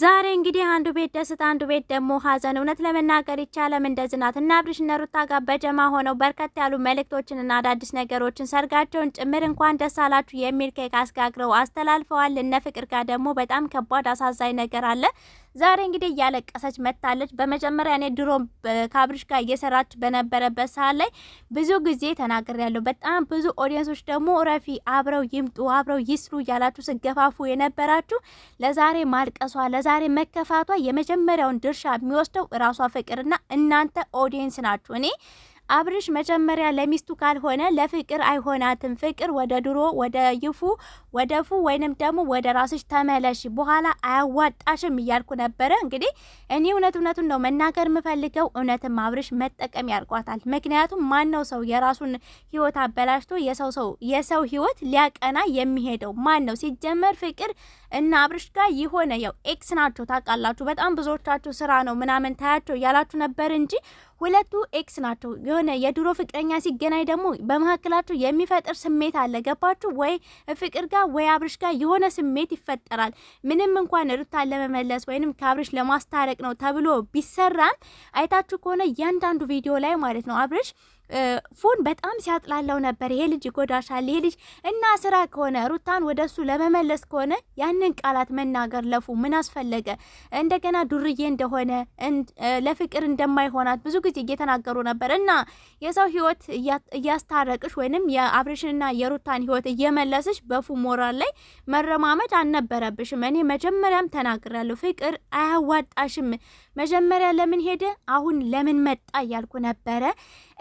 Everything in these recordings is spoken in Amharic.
ዛሬ እንግዲህ አንዱ ቤት ደስታ፣ አንዱ ቤት ደግሞ ሐዘን። እውነት ለመናገር ይቻለም እንደዚህ እና አብርሽና ሩታ ጋር በጀማ ሆነው በርከት ያሉ መልእክቶችንና አዳዲስ ነገሮችን ሰርጋቸውን ጭምር እንኳን ደስ አላችሁ የሚል ኬክ አስጋግረው አስተላልፈዋል። እነ ፍቅር ጋር ደግሞ በጣም ከባድ አሳዛኝ ነገር አለ። ዛሬ እንግዲህ እያለቀሰች መታለች። በመጀመሪያ እኔ ድሮ ከአብርሽ ጋር እየሰራች በነበረበት ሰዓት ላይ ብዙ ጊዜ ተናግሬ ያለው በጣም ብዙ ኦዲየንሶች ደግሞ ረፊ አብረው ይምጡ አብረው ይስሩ እያላችሁ ስገፋፉ የነበራችሁ ለዛሬ ማልቀሷ ለዛሬ መከፋቷ የመጀመሪያውን ድርሻ የሚወስደው ራሷ ፍቅርና እናንተ ኦዲየንስ ናችሁ። እኔ አብርሽ መጀመሪያ ለሚስቱ ካልሆነ ለፍቅር አይሆናትም። ፍቅር ወደ ድሮ ወደ ይፉ ፉ ወይንም ደግሞ ወደ ራስሽ ተመለሽ፣ በኋላ አያዋጣሽም እያልኩ ነበረ። እንግዲህ እኔ እውነት እውነቱን ነው መናገር የምፈልገው። እውነትም አብርሽ መጠቀም ያርቋታል። ምክንያቱም ማነው ሰው የራሱን ህይወት አበላሽቶ የሰው ሰው የሰው ህይወት ሊያቀና የሚሄደው ማን ነው? ሲጀመር ፍቅር እና አብርሽ ጋር የሆነ ያው ኤክስ ናቸው ታውቃላችሁ። በጣም ብዙዎቻችሁ ስራ ነው ምናምን ታያቸው እያላችሁ ነበር እንጂ ሁለቱ ኤክስ ናቸው። የሆነ የድሮ ፍቅረኛ ሲገናኝ ደግሞ በመካከላቸው የሚፈጥር ስሜት አለ። ገባችሁ ወይ? ፍቅር ጋር ወይ አብርሽ ጋር የሆነ ስሜት ይፈጠራል። ምንም እንኳን ሩታን ለመመለስ ወይንም ከአብርሽ ለማስታረቅ ነው ተብሎ ቢሰራም አይታችሁ ከሆነ እያንዳንዱ ቪዲዮ ላይ ማለት ነው አብርሽ ፉን በጣም ሲያጥላለው ነበር። ይሄ ልጅ ይጎዳሻል፣ ይሄ ልጅ እና ስራ ከሆነ ሩታን ወደ እሱ ለመመለስ ከሆነ ያንን ቃላት መናገር ለፉ ምን አስፈለገ? እንደገና ዱርዬ እንደሆነ ለፍቅር እንደማይሆናት ብዙ ጊዜ እየተናገሩ ነበር እና የሰው ህይወት እያስታረቅሽ ወይንም የአብሬሽንና የሩታን ህይወት እየመለስሽ በፉ ሞራል ላይ መረማመድ አልነበረብሽም። እኔ መጀመሪያም ተናግሬያለሁ፣ ፍቅር አያዋጣሽም። መጀመሪያ ለምን ሄደ አሁን ለምን መጣ እያልኩ ነበረ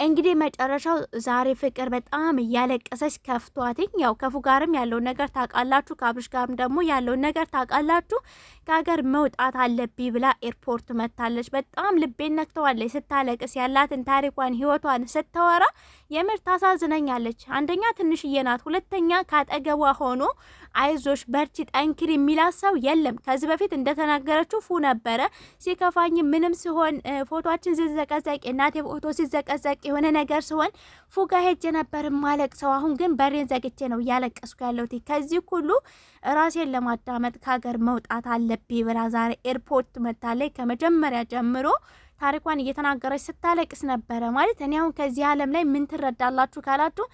እንግዲህ መጨረሻው ዛሬ ፍቅር በጣም እያለቀሰች ከፍቷትኝ፣ ያው ከፉ ጋርም ያለውን ነገር ታውቃላችሁ፣ ከአብርሽ ጋርም ደግሞ ያለውን ነገር ታውቃላችሁ። ከሀገር መውጣት አለብኝ ብላ ኤርፖርት መታለች። በጣም ልቤን ነክተዋለች። ስታለቅስ ያላትን ታሪኳን ህይወቷን ስታወራ የምር ታሳዝነኛለች። አንደኛ ትንሽዬ ናት፣ ሁለተኛ ካጠገቧ ሆኖ አይዞሽ በርቺ፣ ጠንክሪ የሚላት ሰው የለም። ከዚህ በፊት እንደተናገረችው ፉ ነበረ ሲከፋኝ ምንም ሲሆን ፎቶችን ሲዘቀዘቅ እናቴ ፎቶ ሲዘቀዘቅ የሆነ ነገር ሲሆን ፉ ጋ ሄጄ ነበር ማለቅ ሰው አሁን ግን በሬን ዘግቼ ነው እያለቀስኩ ያለሁት። ከዚህ ሁሉ ራሴን ለማዳመጥ ከሀገር መውጣት አለ አለብኝ ብላ ዛሬ ኤርፖርት መታለች። ከመጀመሪያ ጀምሮ ታሪኳን እየተናገረች ስታለቅስ ነበረ። ማለት እኔ አሁን ከዚህ ዓለም ላይ ምን ትረዳላችሁ ካላችሁ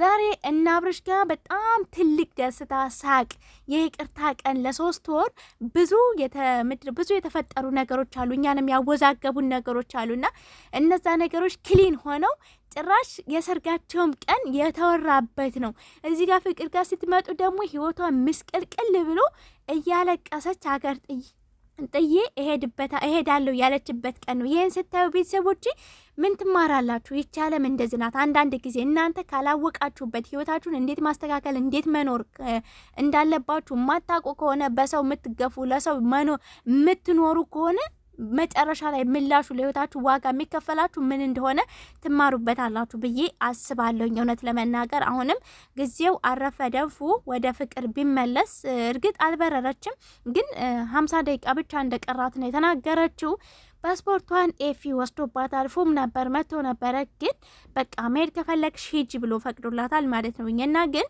ዛሬ እነ አብርሽ ጋር በጣም ትልቅ ደስታ፣ ሳቅ፣ የይቅርታ ቀን ለሶስት ወር ብዙ የተምድር ብዙ የተፈጠሩ ነገሮች አሉ፣ እኛንም ያወዛገቡን ነገሮች አሉና እነዛ ነገሮች ክሊን ሆነው ጭራሽ የሰርጋቸውም ቀን የተወራበት ነው። እዚህ ጋር ፍቅር ጋር ስትመጡ ደግሞ ህይወቷ ምስቅልቅል ብሎ እያለቀሰች ሀገር ጥይ ጥዬ እሄድበታ እሄዳለሁ ያለችበት ቀን ነው። ይህን ስታዩ ቤተሰቦች ምን ትማራላችሁ? ይቻለም እንደዚህ ናት። አንዳንድ ጊዜ እናንተ ካላወቃችሁበት ህይወታችሁን እንዴት ማስተካከል እንዴት መኖር እንዳለባችሁ ማታውቁ ከሆነ በሰው የምትገፉ ለሰው መኖ የምትኖሩ ከሆነ መጨረሻ ላይ ምላሹ ለህይወታችሁ ዋጋ የሚከፈላችሁ ምን እንደሆነ ትማሩበታላችሁ ብዬ አስባለሁኝ። እውነት ለመናገር አሁንም ጊዜው አረፈ ደንፉ ወደ ፍቅር ቢመለስ እርግጥ አልበረረችም፣ ግን ሀምሳ ደቂቃ ብቻ እንደቀራት ነው የተናገረችው። ፓስፖርቷን ኤፊ ወስዶባት አልፎም ነበር መጥቶ ነበረ፣ ግን በቃ መሄድ ከፈለግሽ ሂጂ ብሎ ፈቅዶላታል ማለት ነው እና ግን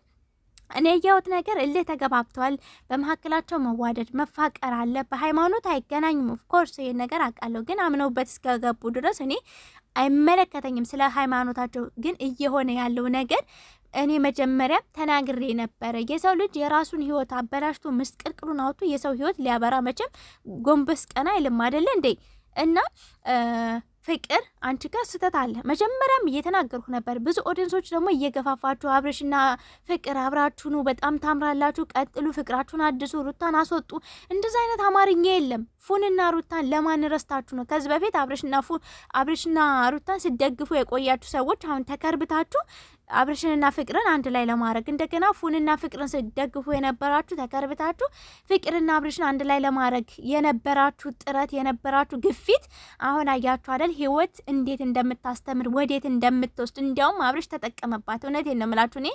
እኔ ያየሁት ነገር እልህ ተገባብተዋል። በመካከላቸው መዋደድ መፋቀር አለ። በሃይማኖት አይገናኝም ኦፍኮርስ ይህን ነገር አውቃለሁ፣ ግን አምነውበት እስከገቡ ድረስ እኔ አይመለከተኝም ስለ ሃይማኖታቸው። ግን እየሆነ ያለው ነገር እኔ መጀመሪያ ተናግሬ ነበረ። የሰው ልጅ የራሱን ህይወት አበላሽቶ ምስቅልቅሉን አውጥቶ የሰው ህይወት ሊያበራ መቼም ጎንበስ ቀና አይልም። አይደለ እንዴ? እና ፍቅር አንቺ ጋር ስህተት አለ። መጀመሪያም እየተናገርኩ ነበር። ብዙ ኦዲንሶች ደግሞ እየገፋፋችሁ አብርሽና ፍቅር አብራችሁ በጣም ታምራላችሁ፣ ቀጥሉ፣ ፍቅራችሁን አድሱ፣ ሩታን አስወጡ። እንደዚ አይነት አማርኛ የለም። ፉንና ሩታን ለማን ረስታችሁ ነው? ከዚህ በፊት አብርሽና ፉ አብርሽና ሩታን ሲደግፉ የቆያችሁ ሰዎች አሁን ተከርብታችሁ አብርሽንና ፍቅርን አንድ ላይ ለማድረግ እንደገና ፉንና ፍቅርን ስደግፉ የነበራችሁ ተከርብታችሁ ፍቅርና አብርሽን አንድ ላይ ለማድረግ የነበራችሁ ጥረት የነበራችሁ ግፊት አሁን አያችሁ አይደል? ህይወት እንዴት እንደምታስተምር ወዴት እንደምትወስድ እንዲያውም አብርሽ ተጠቀመባት። እውነቴን ነው የምላችሁ እኔ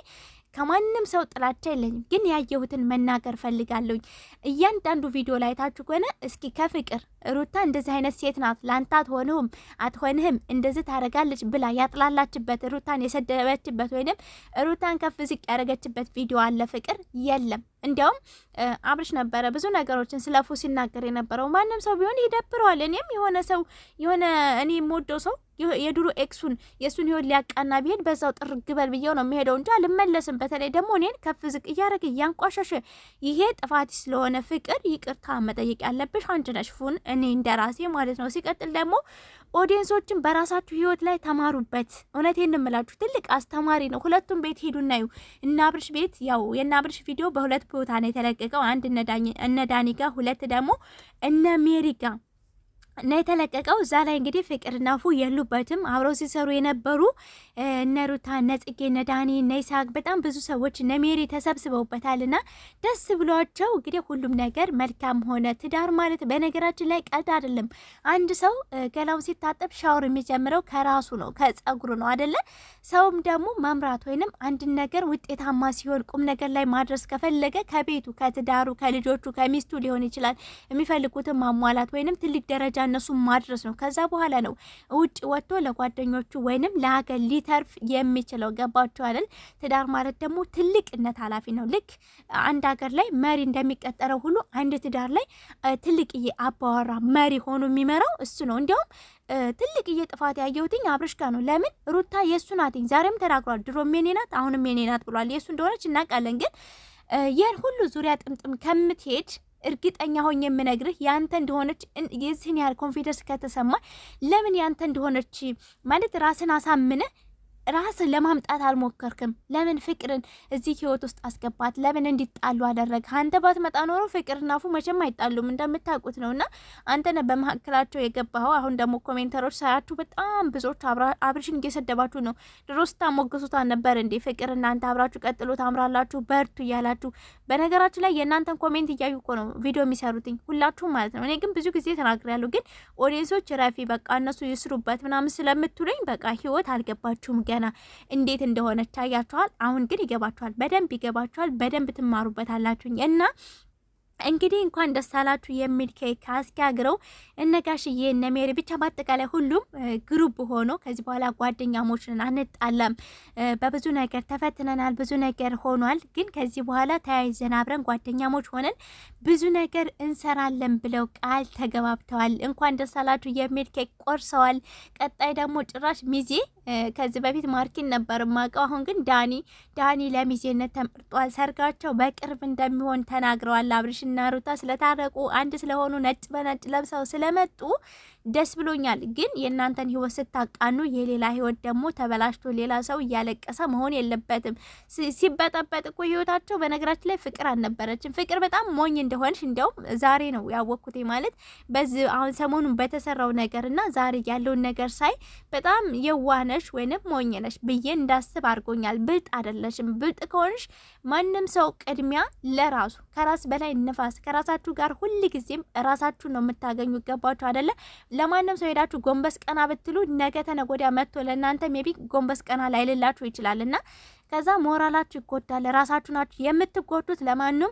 ከማንም ሰው ጥላቻ የለኝም፣ ግን ያየሁትን መናገር ፈልጋለሁኝ። እያንዳንዱ ቪዲዮ ላይ ታችሁ ከሆነ እስኪ ከፍቅር ሩታ እንደዚህ አይነት ሴት ናት፣ ለአንተ አትሆንህም አትሆንህም እንደዚህ ታደርጋለች ብላ ያጥላላችበት ሩታን የሰደበችበት ወይንም ሩታን ከፍ ዝቅ ያደረገችበት ቪዲዮ አለ? ፍቅር የለም። እንዲያውም አብርሽ ነበረ ብዙ ነገሮችን ስለ ፉ ሲናገር የነበረው። ማንም ሰው ቢሆን ይደብረዋል። እኔም የሆነ ሰው የሆነ እኔ የምወደው ሰው የድሮ ኤክሱን የእሱን ህይወት ሊያቃና ቢሄድ በዛው ጥርግበል ብዬው ነው የሚሄደው እንጂ አልመለስም። በተለይ ደግሞ እኔን ከፍ ዝቅ እያደረገ እያንቋሸሸ ይሄ ጥፋት ስለሆነ ፍቅር ይቅርታ መጠየቅ ያለብሽ አንቺ ነሽ ፉን፣ እኔ እንደ ራሴ ማለት ነው። ሲቀጥል ደግሞ ኦዲየንሶችን በራሳችሁ ህይወት ላይ ተማሩበት። እውነት እምላችሁ ትልቅ አስተማሪ ነው። ሁለቱም ቤት ሄዱና ዩ እና አብርሽ ቤት ያው የእነ አብርሽ ቪዲዮ በሁለት ቦታ ነው የተለቀቀው። አንድ እነ ዳኒ ጋር፣ ሁለት ደግሞ እነ ሜሪ ጋር እና የተለቀቀው እዛ ላይ እንግዲህ ፍቅርና ፉ የሉበትም። አብረው ሲሰሩ የነበሩ እነ ሩታ፣ እነ ጽጌ፣ እነ ዳኒ፣ እነ ይስሐቅ በጣም ብዙ ሰዎች እነ ሜሪ ና ደስ ብሏቸው እንግዲህ ሁሉም ነገር መልካም ሆነ። ትዳር ማለት በነገራችን ላይ ቀልድ አይደለም። አንድ ሰው ገላው ሲታጠብ ሻወር የሚጀምረው ከራሱ ነው ከጸጉሩ ነው አደለ? ሰውም ደግሞ መምራት ወይንም አንድን ነገር ውጤታማ ሲሆን ቁም ነገር ላይ ማድረስ ከፈለገ ከቤቱ ከትዳሩ፣ ከልጆቹ፣ ከሚስቱ ሊሆን ይችላል የሚፈልጉትን ማሟላት ወይንም ትልቅ ደረጃ ለእነሱ ማድረስ ነው። ከዛ በኋላ ነው ውጭ ወጥቶ ለጓደኞቹ ወይንም ለሀገር ሊተርፍ የሚችለው። ገባችሁ ትዳር ማለት ደግሞ ትልቅነት ኃላፊ ነው። ልክ አንድ ሀገር ላይ መሪ እንደሚቀጠረው ሁሉ አንድ ትዳር ላይ ትልቅዬ አባወራ መሪ ሆኖ የሚመራው እሱ ነው። እንዲያውም ትልቅዬ ጥፋት ያየሁትኝ አብርሽ ጋር ነው። ለምን ሩታ የእሱ ናትኝ፣ ዛሬም ተናግሯል። ድሮም የኔ ናት፣ አሁንም የኔ ናት ብሏል። የእሱ እንደሆነች እናውቃለን። ግን ይህን ሁሉ ዙሪያ ጥምጥም ከምትሄድ እርግጠኛ ሆኝ የምነግርህ ያንተ እንደሆነች የዚህን ያህል ኮንፊደንስ ከተሰማ ለምን ያንተ እንደሆነች ማለት ራስን አሳምነ ራስን ለማምጣት አልሞከርክም? ለምን ፍቅርን እዚህ ህይወት ውስጥ አስገባት? ለምን እንዲጣሉ አደረግ? አንተ ባትመጣ ኖሮ ፍቅርና ፉ መቼም አይጣሉም እንደምታውቁት ነው። እና አንተነ በመካከላቸው የገባኸው። አሁን ደግሞ ኮሜንተሮች ሳያችሁ በጣም ብዙዎች አብርሽን እየሰደባችሁ ነው። ድሮ ሞገሱታ ነበር እንዴ? ፍቅር እናንተ አብራችሁ ቀጥሎ ታምራላችሁ፣ በርቱ እያላችሁ። በነገራችን ላይ የእናንተን ኮሜንት እያዩ እኮ ነው ቪዲዮ የሚሰሩትኝ ሁላችሁም ማለት ነው። እኔ ግን ብዙ ጊዜ ተናግሬያለሁ። ግን ኦዲየንሶች ረፊ በቃ እነሱ ይስሩበት ምናምን ስለምትሉኝ በቃ ህይወት አልገባችሁም ገ ገና እንዴት እንደሆነ ታያችኋል። አሁን ግን ይገባችኋል፣ በደንብ ይገባችኋል፣ በደንብ ትማሩበታላችሁኝ እና እንግዲህ እንኳን ደስ አላችሁ የሚል ኬክ አስጋግረው እነ ጋሽዬ እነ ሜሪ ብቻ በአጠቃላይ ሁሉም ግሩብ ሆኖ ከዚህ በኋላ ጓደኛሞችን አንጣላም። በብዙ ነገር ተፈትነናል፣ ብዙ ነገር ሆኗል። ግን ከዚህ በኋላ ተያይዘን አብረን ጓደኛሞች ሆነን ብዙ ነገር እንሰራለን ብለው ቃል ተገባብተዋል። እንኳን ደስ አላችሁ የሚል ኬክ ቆርሰዋል። ቀጣይ ደግሞ ጭራሽ ሚዜ ከዚህ በፊት ማርኪን ነበር ማቀው፣ አሁን ግን ዳኒ ዳኒ ለሚዜነት ተመርጧል። ሰርጋቸው በቅርብ እንደሚሆን ተናግረዋል አብርሽ እና ሩታ ስለታረቁ አንድ ስለሆኑ ነጭ በነጭ ለብሰው ስለመጡ ደስ ብሎኛል። ግን የእናንተን ህይወት ስታቃኑ የሌላ ህይወት ደግሞ ተበላሽቶ ሌላ ሰው እያለቀሰ መሆን የለበትም። ሲበጠበጥ እኮ ህይወታቸው በነገራችን ላይ ፍቅር አልነበረችም። ፍቅር በጣም ሞኝ እንደሆንሽ እንዲያውም ዛሬ ነው ያወቅኩት። ማለት በዚህ አሁን ሰሞኑን በተሰራው ነገር እና ዛሬ ያለውን ነገር ሳይ በጣም የዋነሽ ወይንም ሞኝ ነሽ ብዬ እንዳስብ አድርጎኛል። ብልጥ አይደለሽም። ብልጥ ከሆንሽ ማንም ሰው ቅድሚያ ለራሱ ከራስ በላይ ነፋስ ከራሳችሁ ጋር ጊዜም ራሳችሁ ነው የምታገኙ። ገባችሁ አደለ? ለማንም ሰው ሄዳችሁ ጎንበስ ቀና ብትሉ ነገ ተነገ ወዲያ መጥቶ ለእናንተ ሜቢ ጎንበስ ቀና ላይልላችሁ ይችላል እና ከዛ ሞራላችሁ ይጎዳል። ራሳችሁ ናችሁ የምትጎዱት። ለማንም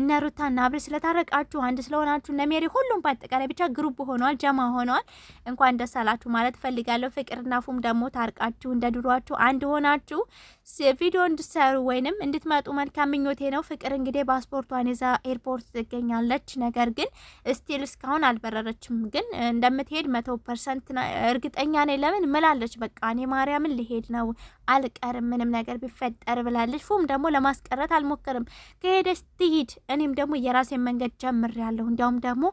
እነ ሩታ እና አብሬ ስለታረቃችሁ አንድ ስለሆናችሁ እነ ሜሪ ሁሉም በአጠቃላይ ብቻ ግሩብ ሆነዋል፣ ጀማ ሆነዋል። እንኳን ደስ አላችሁ ማለት ፈልጋለሁ። ፍቅርና ፉም ደግሞ ታርቃችሁ እንደ ድሯችሁ አንድ ሆናችሁ ቪዲዮ እንድሰሩ ወይንም እንድትመጡ መልካም ምኞቴ ነው። ፍቅር እንግዲህ ፓስፖርቷን ይዛ ኤርፖርት ትገኛለች። ነገር ግን ስቲል እስካሁን አልበረረችም። ግን እንደምትሄድ መቶ ፐርሰንት እርግጠኛ ነኝ። ለምን ምላለች፣ በቃ እኔ ማርያምን ልሄድ ነው አልቀርም፣ ምንም ነገር ቢፈጠር ብላለች። ፉም ደግሞ ለማስቀረት አልሞክርም፣ ከሄደች ትሂድ፣ እኔም ደግሞ የራሴን መንገድ ጀምሬያለሁ፣ እንዲያውም ደግሞ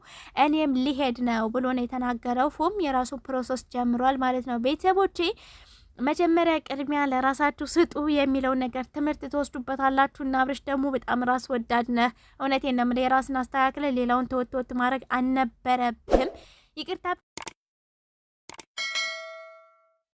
እኔም ሊሄድ ነው ብሎ ነው የተናገረው። ፉም የራሱን ፕሮሰስ ጀምሯል ማለት ነው ቤተሰቦቼ መጀመሪያ ቅድሚያ ለራሳችሁ ስጡ የሚለው ነገር ትምህርት ትወስዱበታላችሁ። እና አብርሽ ደግሞ በጣም ራስ ወዳድ ነህ። እውነቴን ነው የምልህ። የራስን አስተካክለ ሌላውን ተወት ተወት ማድረግ አልነበረብህም። ይቅርታ